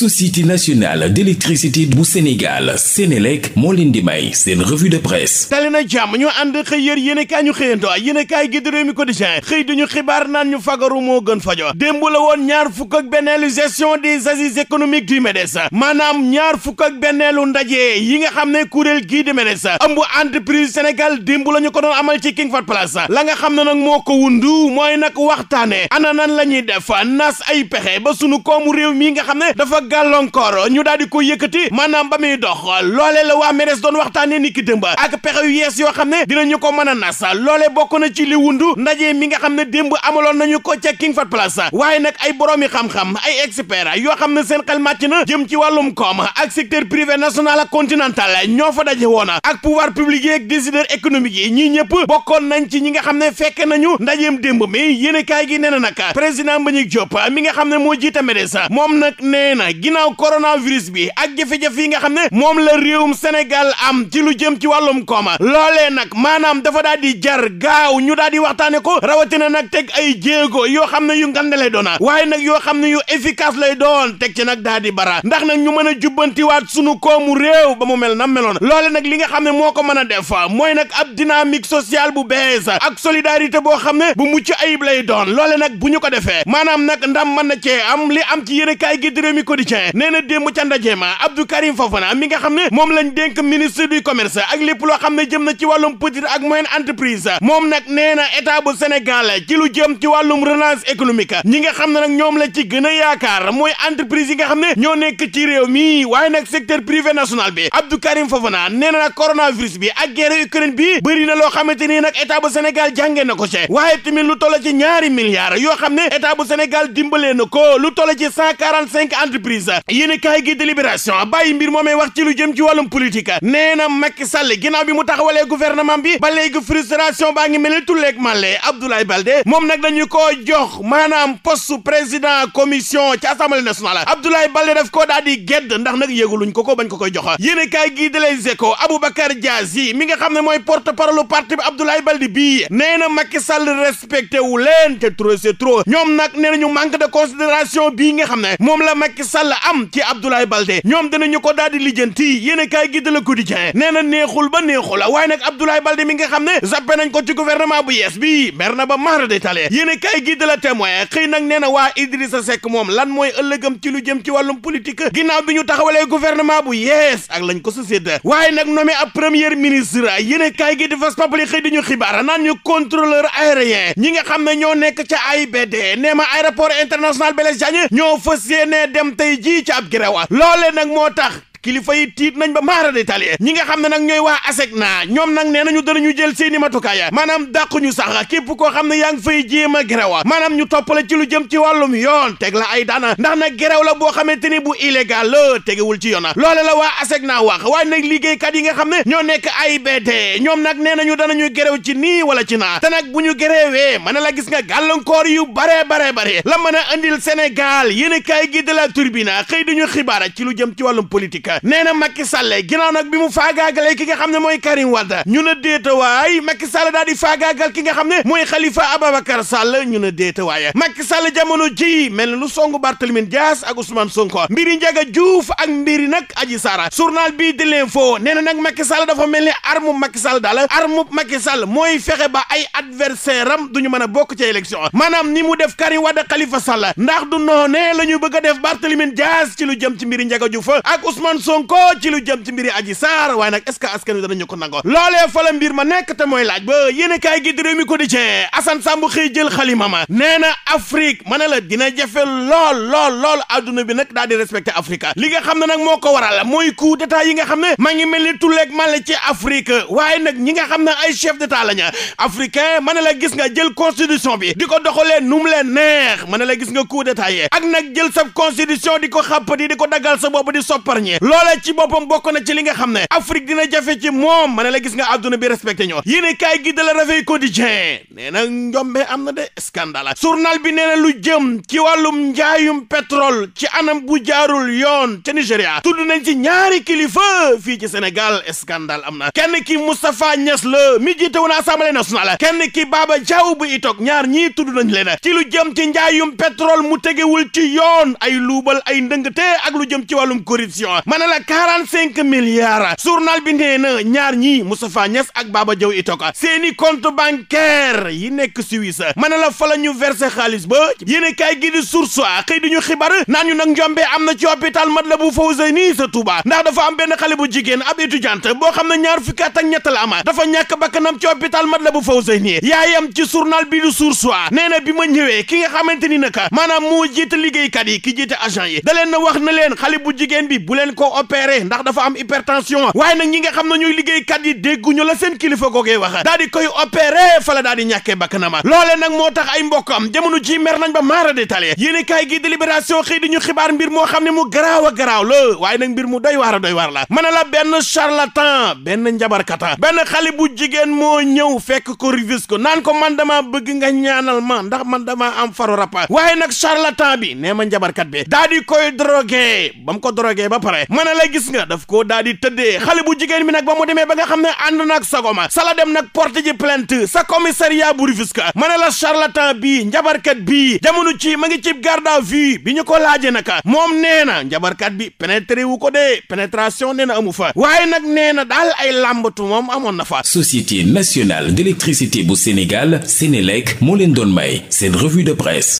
société nationale d'électricité bu Sénégal Sénélec moo leen di may seen revue de presse tali na jàmm ñu ànd xëy yër yéen kaay ñu xëyanto yéen a kaay gi di Rewmi Quotidien xëy ñu xibaar naan ñu fagaru moo gën fajo démb la woon ñaar fukk ak benneelu gestion des assises économiques du MEDES maanaam ñaar fukk ak benneelu ndaje yi nga xam ne kuréel gii di MEDES ëmb entreprise Sénégal démb la ñu ko doon amal ci King fa Palace la nga xam ne nag moo ko wundu mooy nag waxtaane ana nan la ñuy def nas ay pexe ba sunu koomu réew mi gàllankoor ñu daal ba muy dox loole la waa MEDES doon waxtaanee ni ki dëmb ak pexe yu yees yoo xam ne dinañu ko mën a nas loole bokk na ci li wundu ndaje mi nga xam ne démb amaloon nañu ko ca King Fahd waaye nag ay boroomi xam-xam ay expert yoo xam ne seen xel màcc na jëm ci wàllum koom ak secteur privé national ak continental ñoo fa daje woon ak pouvoir public ak décideur économique yi ñii ñëpp bokkoon nañ ci ñi nga xam ne fekk nañu ndajeem démb mi yéen a ginnaaw coronavirus bi ak jafe yi nga xam ne moom la réewum Sénégal am ci lu jëm ci wàllum kooma loolee nag maanaam dafa daal di jar gaaw ñu daal di waxtaane ko rawatina nag teg ay jéego yoo xam ne yu ngande lay doona waaye nag yoo xam ne yu efficace lay doon teg ci nag daal di bara ndax nag ñu mën a jubbantiwaat sunu koomu réew ba mu mel na meloon loole nag li nga xam ne moo ko mën a def mooy nag ab dynamique sociale bu bees ak solidarité boo xam ne bu mucc ayib lay doon loole nag bu ñu ko maanaam nag ndam mën na cee am li am ci yéenekaay gi di Quotidien nee na démb ca ndajeema Abdou Karim Fofana mi nga xam ne moom lañ dénk ministre du commerce ak lépp loo xam ne jëm na ci wàllum petite ak moyenne entreprise moom nag nee na état bu Sénégal ci lu jëm ci wàllum relance économique ñi nga xam ne nag ñoom la ci gën a yaakaar mooy entreprise yi nga xam ne ñoo nekk ci réew mi waaye nag secteur privé national bi Abdou Karim Fofana nee na nag coronavirus bi ak na loo xamante ni nag état bu Sénégal jàngee na ko ci waaye tamit lu toll ci ñaari milliards yoo xam ne état bu Sénégal dimbalee na ko lu toll ci cent quarante cinq entreprises entreprise yéen kaay gi délibération bàyyi mbir moomee wax ci jëm ci wàllum politique nee na Macky bi mu taxawalee gouvernement bi ba léegi frustration baa ngi mel ni tulleeg màlle Abdoulaye Balde moom nag dañu ko jox maanaam poste président commission ci assemblée nationale Abdoulaye Balde daf koo daal di gedd ndax nag yéeguluñ ko ko bañ ko koy jox yéen gi de Les Échos Aboubacar mi nga xam ne mooy porte parole parti bi Abdoulaye Balde bii nee na Macky Sall am ci Abdoulaye Balde ñoom dinañu ko daal di lijjanti yéen a kaay gi de la quotidien neexul ba neexul waaye nag Abdoulaye Balde mi nga xam ne zappe nañ ko ci gouvernement bu yees bi mer ba maara de tale yéen a kaay gi de la témoin waa Idrissa Seck lan mooy ëllëgam ci lu jëm ci wàllum politique ginnaaw bi ñu taxawalee gouvernement bu yees ak lañ ko société waaye nag nommé ab premier ministre yéen a kaay gi fas papali xëy tey jii ci ab gerewaat loole nag moo tax kilifa yi tiit nañ ba maara de tali ñi nga xam ne nag ñooy waa ASECNA ñoom nag nee nañu danañu jël seeni matukaaya maanaam dàquñu sax képp koo xam ne yaa ngi fay jéem a gerew a maanaam ñu toppale ci lu jëm ci wàllum yoon teg la ay daana ndax nag gerew la boo xamante ni bu illégal la tegewul ci yoon loole la waa ASECNA wax waaye nag liggéeykat yi nga xam ne ñoo nekk ay AIBD ñoom nag nee nañu danañu gerew ci nii wala ci naa te nag bu ñu gerewee mën na la gis nga gàllankoor yu bare bare bare la mën a indil Sénégal yéen kaay gi de la turbina xëy duñu xibaara ci lu jëm ci wàllum politique nag nee na Macky Sall ginnaaw nag bi mu faagaagalee ki nga xam ne mooy Karim Wade ñu ne déeta waay Macky Sall daal di faagaagal ki nga xam ne mooy Khalifa Ababacar Sall ñu ne déeta waay Macky Sall jamono ji mel na lu songu Barthélémy Dias ak Ousmane Sonko mbiri Ndiaga Diouf ak mbiri nag Adji Sarr journal bii di l'info nee na nag Macky Sall dafa mel ni armu Macky Sall daal armu Macky Sall mooy fexe ba ay adversaire am duñu mën a bokk ci élection manam ni mu def Karim Wade Khalifa Sall ndax du la ñu bëgg a def Barthélémy Dias ci lu jëm ci mbiri Ndiaga Ousmane Sonko ci lu jëm ci mbiri Adji Sarr waaye nag est-ce que askan wi danañu ko nangoo loolee fa la mbir ma nekk te mooy laaj ba yéen a kaay gi di Rewmi Quotidien Assane Samb jël xalima ma nee na Afrique ma ne la dina jafe lool lool lool adduna bi nag daal di respecté Afrique li nga xam ne nag moo ko waral mooy coup d'état yi nga xam ne maa ngi mel ni tulleeg man la ci Afrique waaye nag ñi nga xam ne ay cef chef d'état lañu africain ma ne la gis nga jël constitution bi di ko doxalee nu mu leen neex ma ne la gis nga coup d'état ak nag jël sa constitution di ko xàppati di ko daggal sa bopp di sopparñe loole ci boppam bokk na ci li nga xam ne Afrique dina jafe ci moom ma ne la gis nga àdduna bi respecté ñoo yéene kaay gi de la Réveil Quotidien nee na njombe am na de scandale journal bi nee na lu jëm ci wàllum njaayum pétrole ci anam bu jaarul yoon ca Nigéria tudd nañ ci ñaari kilifa fii ci Sénégal scandale am na kenn ki Moustapha Niass la mi jiite woon Assemblée nationale kenn ki baaba Diaw bu Itok ñaar ñii tudd nañ leen ci lu jëm ci njaayum pétrole mu tegewul ci yoon ay luubal ay ndëngte ak lu jëm ci wàllum corruption ne la quarante cinq milliards journal bi nee na ñaar ñii Moustapha Niass ak Baba Diaw Itock seeni compte bancaire yi nekk Suisse ma ne la fa la ñu versé xaalis ba yéen a kaay gi di source xëy di ñu xibaar naa ñu nag njombe am na ci hôpital Matlaboul Fawzayni sa Touba ndax dafa am benn xale bu jigéen ab étudiante boo xam ne ñaar fukki at ak ñett la ama dafa ñàkk bakkanam ci hôpital Matlaboul Fawzayni yaayam ci journal bi di source nee bi ma ñëwee ki nga xamante ni naka maanaam moo jiite liggéeykat yi ki jiite agent yi da na wax na leen xale bu jigéen bi bu leen ko ko ndax dafa am hypertension waaye nag ñi nga xam ñuy ñooy kat yi dégguñu la seen kilifa googee wax daal di koy opéré fala la daal di ñàkkee bakkanama loole nag moo tax ay mbokk am jamono ji mer nañ ba maara détaillé yéene kaay gi délibération xëy di ñu xibaar mbir moo xam ne mu garaaw a garaaw la nag mbir mu doy waar a doy waar la mën la benn charlatan benn njabarkata benn xale bu jigéen moo ñëw fekk ko rivis ko naan ko man dama bëgg nga ñaanal ma ndax man dama am faru rapa waaye nag charlatan bi nee ma njabarkat bi daal di koy drogué ba mu ko drogué ba pare mën a la gis nga daf ko daal di tëddee xale bu jigéen bi nag ba mu demee ba nga xam ne ànd nag sa la dem nag porte ji plainte sa commissariat bu Rufisque mën a la charlatan bii njabarkat bii jamono ci ma ngi cib garde à vue bi ñu ko laaje naka moom nee na njabarkat bi pénétré wu ko dee pénétration nee na amu fa waaye nag nee na daal ay làmbatu moom amoon na fa société nationale d'électricité bu Sénégal Sénélec moo leen doon may seen revue de presse